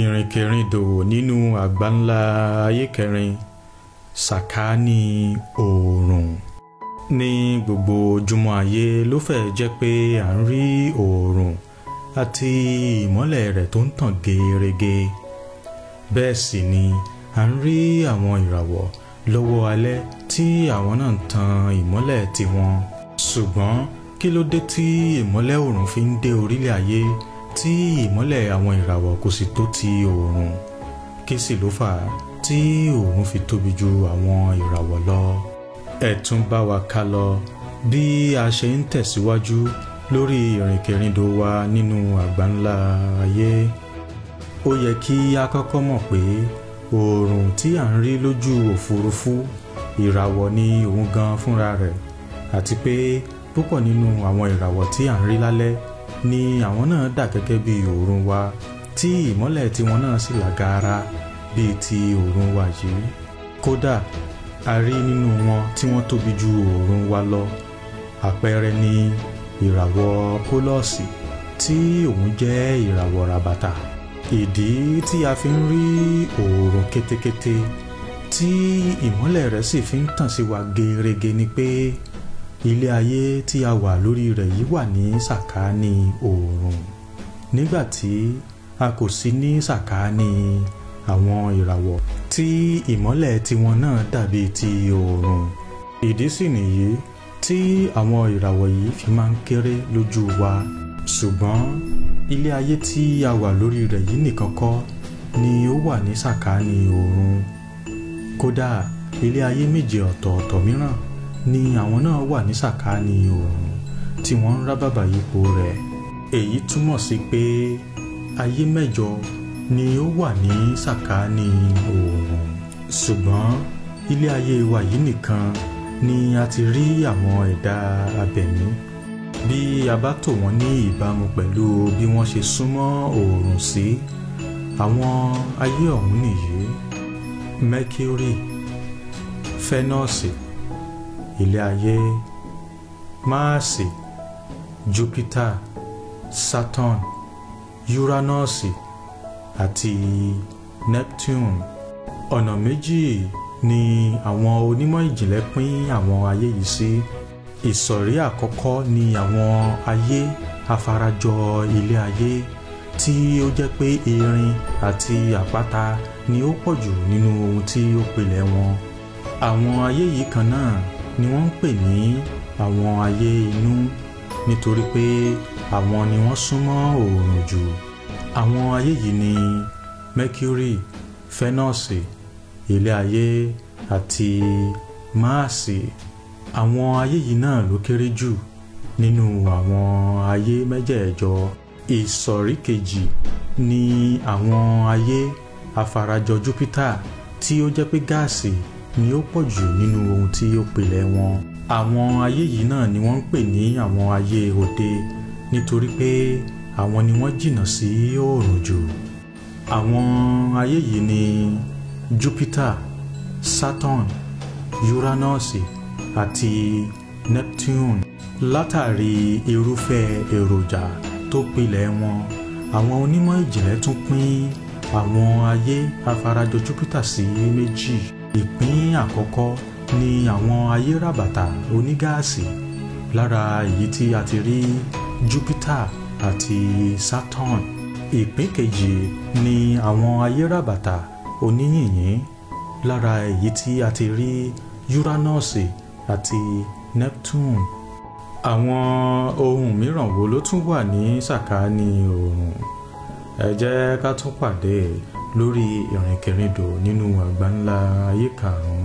ìrìnkèrindò nínú àgbáńlá ayé kẹrin sàkáání oòrùn ní gbogbo ojúmọ́ ayé ló fẹ́ẹ́ jẹ́ pé à ń rí oòrùn àti ìmọ́lẹ̀ rẹ̀ tó ń tàn gerege bẹ́ẹ̀ sì ni à ń rí àwọn ìràwọ̀ lọ́wọ́ alẹ́ tí àwọn náà ń tan ìmọ́lẹ̀ tiwọn ṣùgbọ́n kí ló dé tí ìmọ́lẹ̀ oòrùn fi ń dé orílẹ̀ ayé tí ìmọ́lẹ̀ àwọn ìràwọ̀ kò sì tó ti òòrùn kí sì ló fà á tí òòrùn fi tóbi ju àwọn ìràwọ̀ lọ ẹ tún bá wa ká lọ bí a ṣe ń tẹ̀síwájú lórí ìrìnkèrindò wa nínú àgbáńlá ayé ó yẹ kí a kọ́kọ́ mọ̀ pé òòrùn tí à ń rí lójú òfurufú ìràwọ̀ ni òun gan fúnra rẹ̀ àti pé púpọ̀ nínú àwọn ìràwọ̀ tí à ń rí lálẹ́ ni àwọn náà dà gẹ́gẹ́ bí òòrùn wa tí ìmọ́lẹ̀ tiwọn náà sì làgàrà bíi ti òòrùn wa yìí kódà a rí nínú wọn tí wọ́n tóbi ju òòrùn wa lọ àpẹẹrẹ ni ìràwọ̀ kólọ́ọ̀sì tí òun jẹ́ ìràwọ̀ ràbàtà ìdí tí a fi ń rí òòrùn ketekete tí ìmọ́lẹ̀ rẹ̀ sì fi ń tàn sí wa gerege ni pé ilé ayé tí a wà lórí rẹ̀ yìí wà ní sàkáání oòrùn nígbà tí a kò sí ní sàkáání àwọn ìràwọ̀ tí ìmọ́lẹ̀ tiwọn náà dàbí ti oòrùn ìdí sì nìyí tí àwọn ìràwọ̀ yìí fi máa ń kéré lójú wa ṣùgbọ́n ilé ayé tí a wà lórí rẹ̀ yìí nìkan kọ́ ni ó wà ní sàkáání oòrùn kódà ilé ayé méje ọ̀tọ̀ọ̀tọ̀ mìíràn ni àwọn náà wà ní sàkáání oòrùn tí wọ́n ń rábàbà yípo rẹ̀ èyí túmọ̀ sí pé ayé mẹ́jọ ni ó wà ní sàkáání oòrùn ṣùgbọ́n ilé ayé wa yìí nìkan ni a ti rí àwọn ẹ̀dá abẹ̀mí bí a bá tò wọ́n ní ìbámu pẹ̀lú bí wọ́n ṣe súnmọ́ oòrùn sí àwọn ayé ọ̀hún nìyí mercury fẹ́nọ́ọ̀sì ilé ayé máàsì júpítà saturn uranusi àti neptune ọ̀nà méjì ni àwọn onímọ̀ ìjìnlẹ̀ pín àwọn ayé yìí sí ìsọ̀rí àkọ́kọ́ ni àwọn ayé afarajọ ilé ayé tí ó jẹ́ pé erin àti àpáta ni ó pọ̀jù nínú ohun tí ó pilẹ̀ wọn àwọn ayé yìí kan náà ni wọ́n ń pè ní àwọn ayé inú nítorí pé àwọn ni wọ́n súnmọ́ oòrùn jù àwọn ayé yìí ni mercury Venus, ilé ayé àti máàsì àwọn ayé yìí náà ló kéré jù nínú àwọn ayé mẹ́jẹ̀ẹ̀jọ ìsọ̀rí kejì ni àwọn ayé afarajọ júpítà tí ó jẹ́ pé gáàsì ni ó pọ̀ jù nínú ohun tí ó pilẹ̀ wọn. àwọn ayé yìí náà ni wọ́n ń pè ní àwọn ayé òde nítorí pé àwọn ni wọ́n jìnnà sí oòrùn jù. àwọn ayé yìí ni Jupiter, Saturn, Uranus àti Neptune látàrí irúfẹ́ èròjà tó pilẹ̀ wọn àwọn onímọ̀ ìjìnlẹ̀ tún pín àwọn ayé afarajọ Jupiter sí méjì. Si ìpín àkọ́kọ́ ni àwọn ayéràbàtà onígáàsì lára èyí tí a ti rí Jupiter àti Saturn ìpín kejì ni àwọn ayéràbàtà oníyìnyín lára èyí tí a ti rí Uranus àti Neptune àwọn ohun mìíràn wo ló tún wà ní sàkáání oòrùn ẹ jẹ́ ká tún pàdé lórí ìrìnkèrindò nínú àgbáńlá ayé karùn